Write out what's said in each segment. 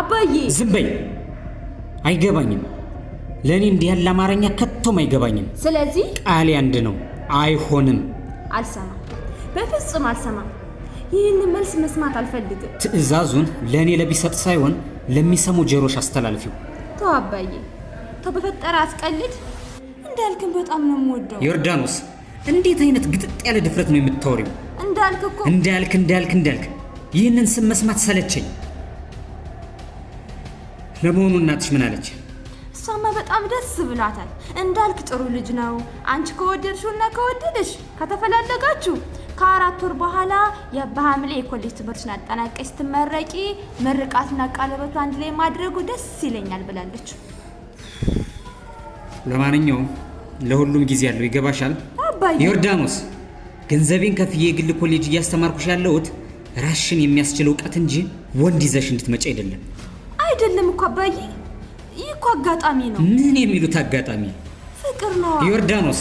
አባዬ ዝም በይ። አይገባኝም። ለእኔ እንዲህ ያለ አማርኛ ከቶም አይገባኝም። ስለዚህ ቃሌ አንድ ነው። አይሆንም። አልሰማም፣ በፍጹም አልሰማም። ይህን መልስ መስማት አልፈልግም። ትዕዛዙን ለእኔ ለቢሰጥ ሳይሆን ለሚሰሙ ጆሮች አስተላልፊው። ተው አባዬ ተው፣ በፈጠረ አስቀልድ። እንዳልክን በጣም ነው የምወደው። ዮርዳኖስ፣ እንዴት አይነት ግጥጥ ያለ ድፍረት ነው የምታወሪው? እንዳልክ እኮ እንዳልክ እንዳልክ እንዳልክ። ይህንን ስም መስማት ሰለቸኝ። ለመሆኑ እናትሽ ምን አለች? እሷማ በጣም ደስ ብሏታል። እንዳልክ ጥሩ ልጅ ነው። አንቺ ከወደድሽውና ከወደድሽ ከተፈላለጋችሁ ከአራት ወር በኋላ በሐምሌ የኮሌጅ ትምህርትን አጠናቀች ስትመረቂ ምርቃትና ቀለበቱ አንድ ላይ ማድረጉ ደስ ይለኛል ብላለች። ለማንኛውም ለሁሉም ጊዜ ያለው ይገባሻል። ዮርዳኖስ ገንዘቤን ከፍዬ የግል ኮሌጅ እያስተማርኩሽ ያለሁት ራስሽን የሚያስችል እውቀት እንጂ ወንድ ይዘሽ እንድትመጪ አይደለም። አይደለም እኮ አባዬ፣ ይህ እኮ አጋጣሚ ነው። ምን የሚሉት አጋጣሚ? ፍቅር ነው ዮርዳኖስ።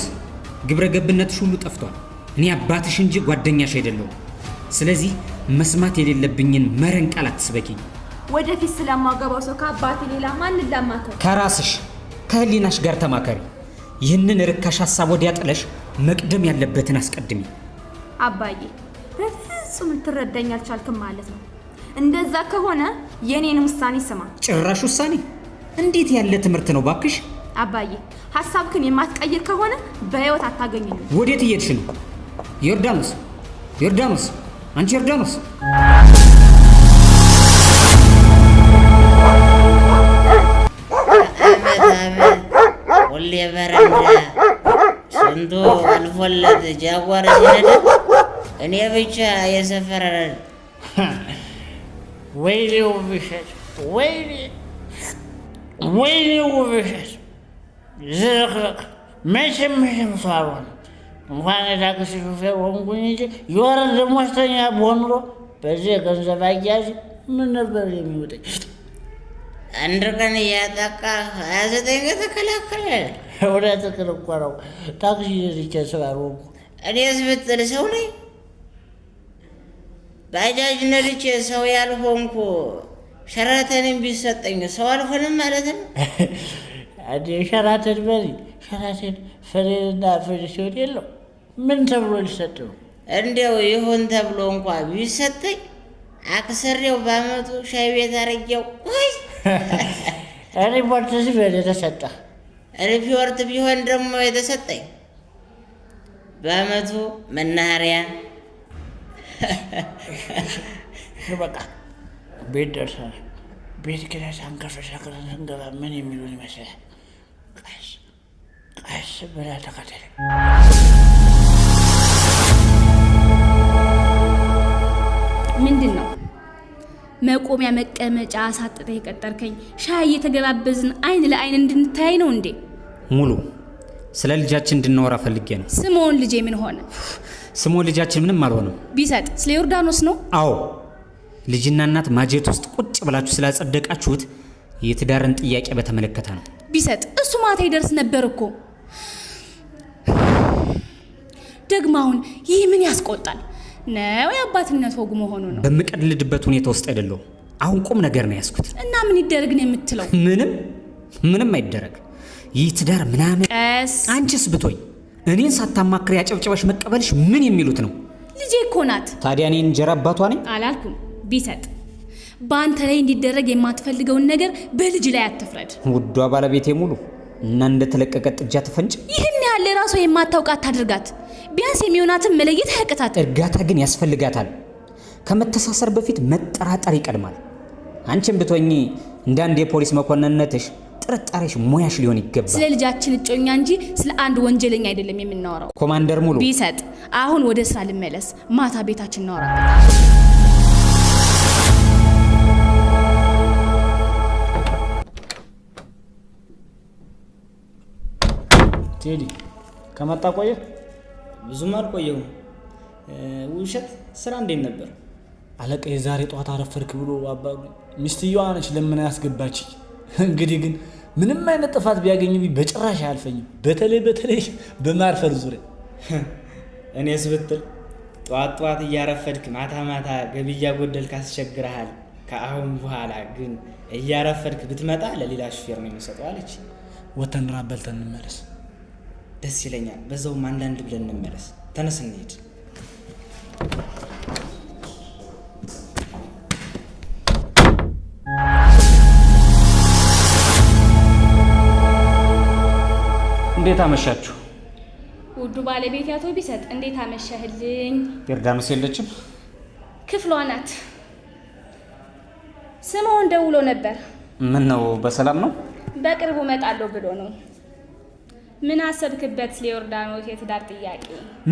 ግብረ ገብነትሽ ሁሉ ጠፍቷል። እኔ አባትሽ እንጂ ጓደኛሽ አይደለሁም። ስለዚህ መስማት የሌለብኝን መረን ቃል አትስበኪኝ። ወደፊት ስለማገባው ሰው ከአባቴ ሌላ ማን ላማከር? ከራስሽ ከህሊናሽ ጋር ተማከሪ። ይህንን ርካሽ ሀሳብ ወዲያ ጥለሽ መቅደም ያለበትን አስቀድሚ። አባዬ በፍጹም ልትረዳኝ አልቻልክም ማለት ነው። እንደዛ ከሆነ የእኔንም ውሳኔ ስማ። ጭራሽ ውሳኔ? እንዴት ያለ ትምህርት ነው ባክሽ! አባዬ ሀሳብክን የማትቀይር ከሆነ በህይወት አታገኝም። ወዴት እየሄድሽ ነው? ዮርዳኖስ፣ ዮርዳኖስ፣ አንቺ ዮርዳኖስ! ሁሌ በረንዳ ስንቱ አልፎለት ጃጓር ሲነዳ እኔ ብቻ የሰፈረ ወይኔ ውብሸት ወይኔ ወይኔ ውብሸት ዝርክርክ መቼም መቼም ሰው አልሆነም። እንኳን የታክሲ ሹፌር ሆንኩኝ እንጂ የወር ደሞዝተኛ በኑሮ በዚህ የገንዘብ አያያዝ ምን ነበር የሚውጠኝ? አንድ ቀን እያጠቃ ሀያ ዘጠኝ ቀን ተከላከለ። እውነት እኮ ታክሲ ይዤ ስራ ሮኩ እኔስ ሰው ነኝ ባጃጅ ነድቼ ሰው ያልሆንኩ ሸራተንን ቢሰጠኝ ሰው አልሆንም ማለት ነው። ሸራተን በሪ ሸራተን ፍሬንና ፍሬ ሲሆን የለው ምን ተብሎ ሊሰጥ ነው? እንዲያው ይሁን ተብሎ እንኳ ቢሰጠኝ አክሰሬው በአመቱ ሻይ ቤት አረጊያው ሪፖርት ሲሆን የተሰጠ ሪፖርት ቢሆን ደግሞ የተሰጠኝ በአመቱ መናኸሪያ በቃ ቤት ደርሰን ቤት ኪራይ ሳንከፍል ስንገባ ምን የሚሉን ይመስላል? ቀስ ቀስ ብላ ተከተለ። ምንድን ነው መቆሚያ መቀመጫ አሳጥተ የቀጠርከኝ? ሻይ እየተገባበዝን አይን ለአይን እንድንተያይ ነው እንዴ? ሙሉ ስለ ልጃችን እንድናወራ ፈልጌ ነው። ስምዖን ልጄ ምን ሆነ? ስሙ ልጃችን ምንም አልሆነም። ቢሰጥ ስለ ዮርዳኖስ ነው። አዎ ልጅና እናት ማጀት ውስጥ ቁጭ ብላችሁ ስላጸደቃችሁት የትዳርን ጥያቄ በተመለከተ ነው። ቢሰጥ እሱ ማታ ይደርስ ነበር እኮ። ደግሞ አሁን ይህ ምን ያስቆጣል? ነው የአባትነት ወጉ መሆኑ ነው። በምቀልድበት ሁኔታ ውስጥ አይደለሁም። አሁን ቁም ነገር ነው ያስኩት። እና ምን ይደረግ ነው የምትለው? ምንም ምንም አይደረግ። ይህ ትዳር ምናምን። ቀስ አንቺስ ብቶኝ እኔን ሳታማክር ያጨብጭበሽ መቀበልሽ ምን የሚሉት ነው? ልጄ እኮ ናት። ታዲያ እኔ እንጀራ አባቷ ነኝ? አላልኩም። ቢሰጥ በአንተ ላይ እንዲደረግ የማትፈልገውን ነገር በልጅ ላይ አትፍረድ። ውዷ ባለቤቴ ሙሉ እና እንደተለቀቀ ጥጃ ትፈንጭ። ይህን ያህል ራሷ የማታውቅ አታድርጋት። ቢያንስ የሚሆናትን መለየት አያቅታት። እርጋታ ግን ያስፈልጋታል። ከመተሳሰር በፊት መጠራጠር ይቀድማል። አንቺም ብትሆኚ እንደ አንድ የፖሊስ መኮንንነትሽ ጥርጣሬሽ ሙያሽ ሊሆን ይገባል። ስለ ልጃችን እጮኛ እንጂ ስለ አንድ ወንጀለኛ አይደለም የምናወራው። ኮማንደር ሙሉ ቢሰጥ አሁን ወደ ስራ ልመለስ፣ ማታ ቤታችን እናወራለን። ቴዲ ከመጣ ቆየ? ብዙም አልቆየውም። ውሸት ስራ እንዴት ነበር? አለቃ የዛሬ ጠዋት አረፈርክ ብሎ አባ ሚስትየዋ ነች ለምን ያስገባች እንግዲህ ግን ምንም አይነት ጥፋት ቢያገኙ በጭራሽ አያልፈኝም። በተለይ በተለይ በማርፈር ዙሪያ እኔስ ብትል ጠዋት ጠዋት እያረፈድክ ማታ ማታ ገቢ እያጎደልክ አስቸግረሃል። ከአሁን በኋላ ግን እያረፈድክ ብትመጣ ለሌላ ሹፌር ነው የሚሰጠው አለች። ወተን ራበልተን እንመለስ። ደስ ይለኛል። በዛውም አንዳንድ ብለን እንመለስ። ተነስ እንሄድ። እንዴት አመሻችሁ? ውዱ ባለቤት ያቶ ቢሰጥ እንዴት አመሻህልኝ? ዮርዳኖስ የለችም? ክፍሏ ናት። ስምዖን ደውሎ ነበር። ምን ነው በሰላም ነው? በቅርቡ እመጣለሁ ብሎ ነው። ምን አሰብክበት? ለዮርዳኖስ የትዳር ጥያቄ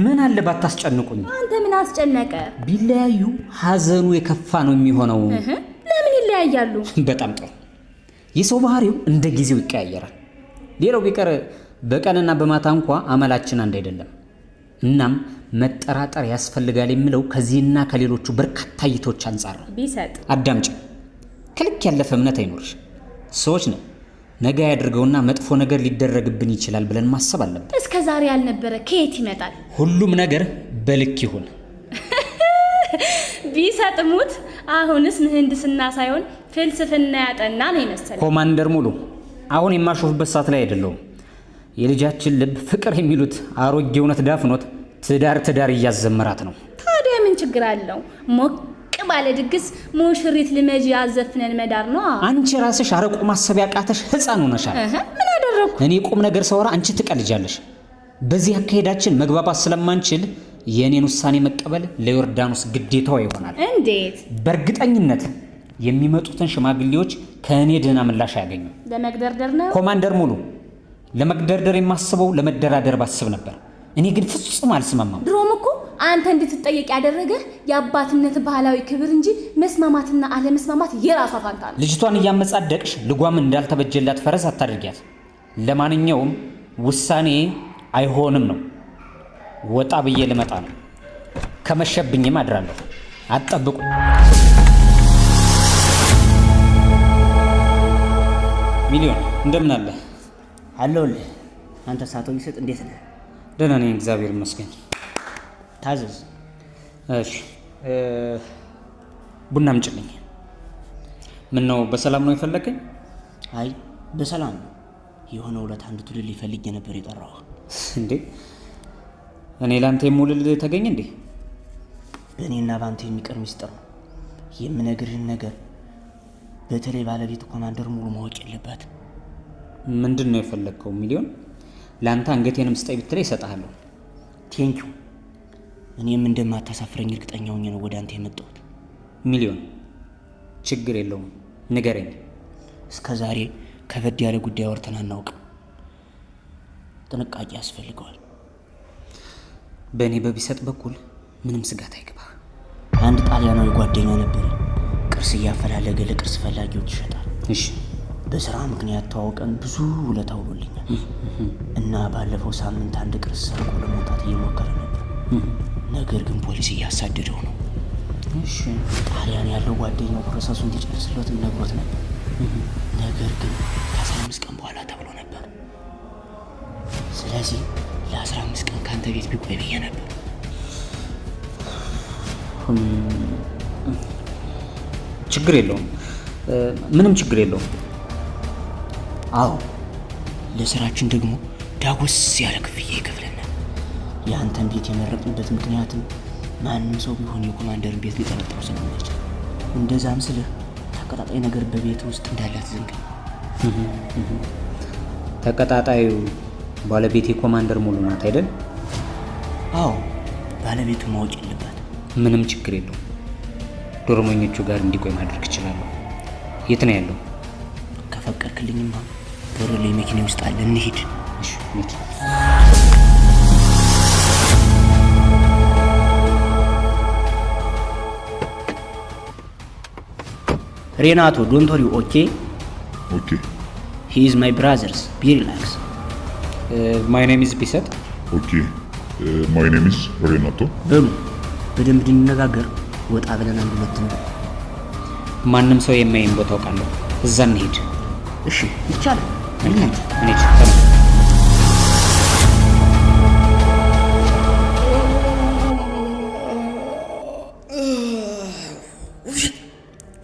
ምን አለ ባታስጨንቁኝ። አንተ ምን አስጨነቀ? ቢለያዩ ሀዘኑ የከፋ ነው የሚሆነው። ለምን ይለያያሉ? በጣም ጥሩ። የሰው ባህሪው እንደ ጊዜው ይቀያየራል። ሌላው ቢቀር በቀንና በማታ እንኳ አመላችን አንድ አይደለም። እናም መጠራጠር ያስፈልጋል የምለው ከዚህና ከሌሎቹ በርካታ እይቶች አንጻር ነው። ቢሰጥ አዳምጭ። ከልክ ያለፈ እምነት አይኖርሽ። ሰዎች ነው ነገ ያድርገውና መጥፎ ነገር ሊደረግብን ይችላል ብለን ማሰብ አለብን። እስከ ዛሬ ያልነበረ ከየት ይመጣል? ሁሉም ነገር በልክ ይሁን ቢሰጥሙት። አሁንስ ምህንድስና ሳይሆን ፍልስፍና ያጠና ነው ይመስል። ኮማንደር ሙሉ አሁን የማሾፍበት ሰዓት ላይ አይደለውም። የልጃችን ልብ ፍቅር የሚሉት አሮጌ እውነት ዳፍኖት ትዳር ትዳር እያዘመራት ነው። ታዲያ ምን ችግር አለው? ሞቅ ባለ ድግስ ሙሽሪት ልመጂ ያዘፍነን መዳር ነው። አንቺ ራስሽ አረቆ ማሰብ ያቃተሽ ህፃን ሆነሻል። ምን አደረግኩ እኔ? ቁም ነገር ሰወራ አንቺ ትቀልጃለሽ። በዚህ አካሄዳችን መግባባት ስለማንችል የእኔን ውሳኔ መቀበል ለዮርዳኖስ ግዴታዋ ይሆናል። እንዴት? በእርግጠኝነት የሚመጡትን ሽማግሌዎች ከእኔ ደህና ምላሽ አያገኙም። ለመግደርደር ነው ኮማንደር ሙሉ ለመግደርደር የማስበው ለመደራደር ባስብ ነበር። እኔ ግን ፍጹም አልስማማም። ድሮም እኮ አንተ እንድትጠየቅ ያደረገ የአባትነት ባህላዊ ክብር እንጂ መስማማትና አለመስማማት የራሷ ፋንታ ነው። ልጅቷን እያመጻደቅሽ ልጓም እንዳልተበጀላት ፈረስ አታድርጊያት። ለማንኛውም ውሳኔ አይሆንም ነው። ወጣ ብዬ ልመጣ ነው። ከመሸብኝም አድራለሁ። አጠብቁ። ሚሊዮን እንደምን አለሁልህ። አንተ ሳቶ ይሰጥ እንዴት ነህ? ደህና ነኝ እግዚአብሔር ይመስገን። ታዘዝ። እሺ፣ ቡና አምጪልኝ። ምን ነው በሰላም ነው የፈለገኝ? አይ በሰላም ነው። የሆነ ውለት አንድ ትልል ይፈልግ ነበር የጠራው። እንዴ እኔ ለአንተ የምውልል ተገኝ እንዴ? በእኔና በአንተ የሚቀር ሚስጥር ነው የምነግርህን ነገር። በተለይ ባለቤት ኮማንደር ሙሉ ማወቅ የለባትም። ምንድን ነው የፈለግከው ሚሊዮን ለአንተ አንገቴንም ስጠኝ ብትለኝ እሰጥሃለሁ። ቴንኪ እኔም እንደማታሳፍረኝ እርግጠኛ ሆኜ ነው ወደ አንተ የመጣሁት። ሚሊዮን ችግር የለውም ንገረኝ። እስከ ዛሬ ከበድ ያለ ጉዳይ አውርተን አናውቅም። ጥንቃቄ ያስፈልገዋል። በእኔ በቢሰጥ በኩል ምንም ስጋት አይገባ። አንድ ጣሊያናዊ ጓደኛ ነበር፣ ቅርስ እያፈላለገ ለቅርስ ፈላጊዎች ይሸጣል። እሺ በስራ ምክንያት ተዋውቀን ብዙ ውለታ ውሎልኛል እና ባለፈው ሳምንት አንድ ቅርስ ሰርቆ ለመውጣት እየሞከረ ነበር። ነገር ግን ፖሊስ እያሳደደው ነው። ጣሊያን ያለው ጓደኛው ፕሮሰሱ እንዲጨርስለት ነግሮት ነበር። ነገር ግን ከአስራ አምስት ቀን በኋላ ተብሎ ነበር። ስለዚህ ለአስራ አምስት ቀን ከአንተ ቤት ቢቆይ ብዬ ነበር። ችግር የለውም፣ ምንም ችግር የለውም። አዎ፣ ለስራችን ደግሞ ዳጎስ ያለ ክፍያ ይከፍለናል። የአንተን ቤት የመረጥንበት ምክንያትም ማንም ሰው ቢሆን የኮማንደርን ቤት ሊጠረጥረው ስለማይችል፣ እንደዛም ስልህ ተቀጣጣይ ነገር በቤት ውስጥ እንዳላት ዝንግ ተቀጣጣዩ ባለቤት የኮማንደር ሙሉ ናት አይደል? አዎ፣ ባለቤቱ ማወቅ የለባት። ምንም ችግር የለው ዶርመኞቹ ጋር እንዲቆይ ማድረግ እችላለሁ። የት ነው ያለው? ከፈቀድክልኝማ ዶሮ ላይ መኪና ውስጥ አለ። እንሂድ። ሬናቶ ዶንት ወሪ ኦኬ ኦኬ ሂ ኢዝ ማይ ብራዘርስ ቢ ሪላክስ ማይ ኔም ኢዝ ቢሰጥ ኦኬ ማይ ኔም ኢዝ ሬናቶ በሉ በደንብ እንነጋገር። ወጣ ብለን አንድ ሁለት ነው። ማንም ሰው የማይን ቦታ አውቃለሁ። እዛ እንሄድ። እሺ ይቻላል።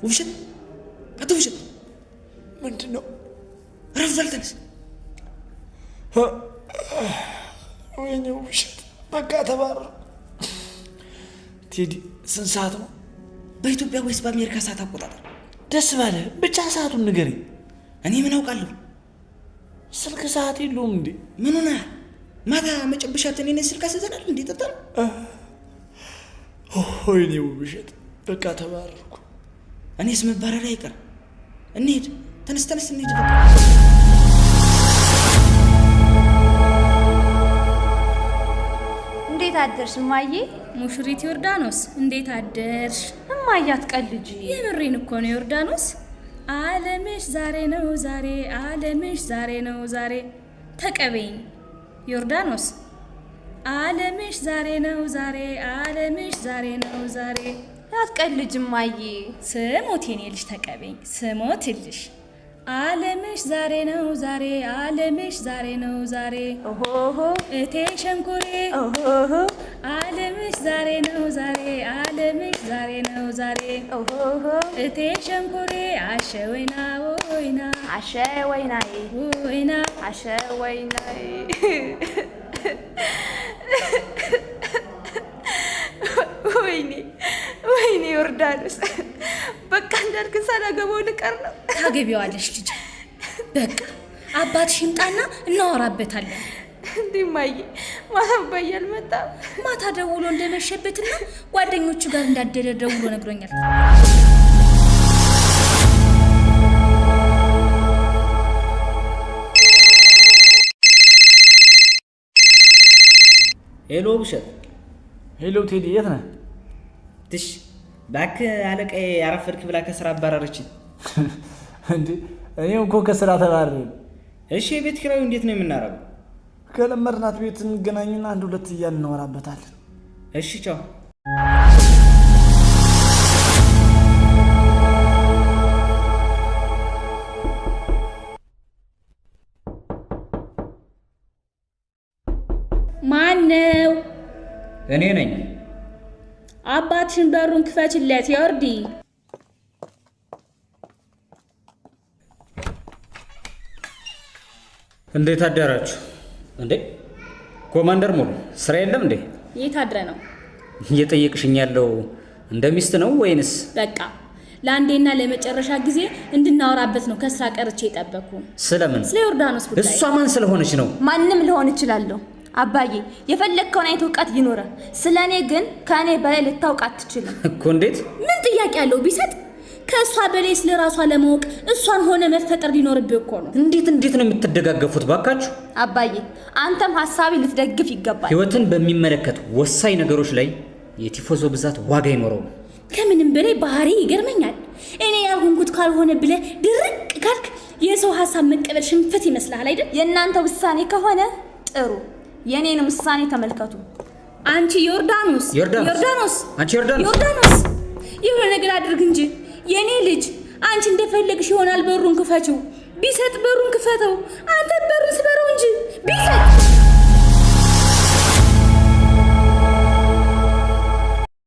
ውብሸት ቴዲ ስንት ሰዓት ነው? በኢትዮጵያ ወይስ በአሜሪካ ሰዓት አቆጣጠር? ደስ ባለ ብቻ ሰዓቱን ንገረኝ። እኔ ምን አውቃለሁ? ስልክ ሰዓት የለውም እንዴ? ምን ሆነ? ማታ መጨብሻት እኔ ስልክ አስዘናል እንዴ? ጠጣም። ወይኔ ውብሸት፣ በቃ ተባረርኩ። እኔስ መባረር አይቀር። እንሄድ፣ ተነስ፣ ተነስ፣ እንሄድ እንዴት አደርሽ እማዬ? ሙሽሪት ዮርዳኖስ እንዴት አደርሽ እማዬ? አትቀልጂ፣ የምሬን እኮ ነው ዮርዳኖስ አለምሽ ዛሬ ነው ዛሬ አለምሽ ዛሬ ነው ዛሬ ተቀበይኝ ዮርዳኖስ አለምሽ ዛሬ ነው ዛሬ አለምሽ ዛሬ ነው ዛሬ አትቀልጅ እማዬ ስሞት የኔ ልጅ ተቀበይኝ ስሞት ልሽ አለምሽ ዛሬ ነው ዛሬ አለምሽ ዛሬ ነው ዛሬ ኦሆ እቴ ሸንኮሬ ኦሆ አለምሽ ዛሬ ነው ዛሬ አለምሽ ዛሬ ነው ዛሬ እቴ ሸንኮሬ አሸ ወይና ወይና አሸ ወይና ወይና አሸ ወይና ወይኔ ወይኔ ዮርዳኖስ በቃ እንዳልክ ሳላገባው ልቀር ነው። ታገቢዋለሽ ልጅ በቃ አባትሽ ይምጣና እናወራበታለን። እንዲህ ማባይ አልመጣም። ማታ ደውሎ እንደመሸበትና ጓደኞቹ ጋር እንዳደረ ደውሎ ነግሮኛል። ሄሎ ብሸት። ሄሎ ቴዲ፣ የት ነህ? ትሽ ባክ አለቃዬ ያረፈድክ ብላ ከስራ አባረረችኝ። እንዴ እኔ እኮ ከስራ ተባረርን። እሺ የቤት ኪራዩ እንዴት ነው የምናረገው? ከለመድናት ቤት እንገናኝና አንድ ሁለት እያልን እናወራበታለን። እሺ ቻው። ማነው? እኔ ነኝ። አባትሽን በሩን ክፈችለት ይወርዲ። እንዴት አደራችሁ? እንዴ ኮማንደር ሙሉ ስራ የለም እንዴ? የት አድረ ነው እየጠየቅሽኝ ያለው? እንደ ሚስት ነው ወይንስ? በቃ ለአንዴና ለመጨረሻ ጊዜ እንድናወራበት ነው ከስራ ቀርቼ የጠበኩ። ስለምን? ስለ ዮርዳኖስ ጉዳይ። እሷ ማን ስለሆነች ነው? ማንም ልሆን እችላለሁ አባዬ። የፈለግከውን አይነት እውቀት ይኖረ፣ ስለ እኔ ግን ከእኔ በላይ ልታውቅ አትችልም እኮ። እንዴት? ምን ጥያቄ አለው ቢሰጥ ከእሷ በላይ ስለ ራሷ ለማወቅ እሷን ሆነ መፈጠር ሊኖርብህ እኮ ነው። እንዴት እንዴት ነው የምትደጋገፉት? ባካችሁ አባዬ፣ አንተም ሀሳቤ ልትደግፍ ይገባል። ህይወትን በሚመለከት ወሳኝ ነገሮች ላይ የቲፎዞ ብዛት ዋጋ አይኖረውም። ከምንም በላይ ባህሪ ይገርመኛል። እኔ ያልሆንኩት ካልሆነ ብለህ ድርቅ ካልክ የሰው ሀሳብ መቀበል ሽንፈት ይመስልሃል አይደል? የእናንተ ውሳኔ ከሆነ ጥሩ፣ የእኔን ውሳኔ ተመልከቱ። አንቺ ዮርዳኖስ ዮርዳኖስ፣ አንቺ ዮርዳኖስ፣ ዮርዳኖስ የሆነ ነገር አድርግ እንጂ የኔ ልጅ አንቺ እንደፈለግሽ ይሆናል። በሩን ክፈችው። ቢሰጥ በሩን ክፈተው። አንተ በሩን ስበረው እንጂ ቢሰጥ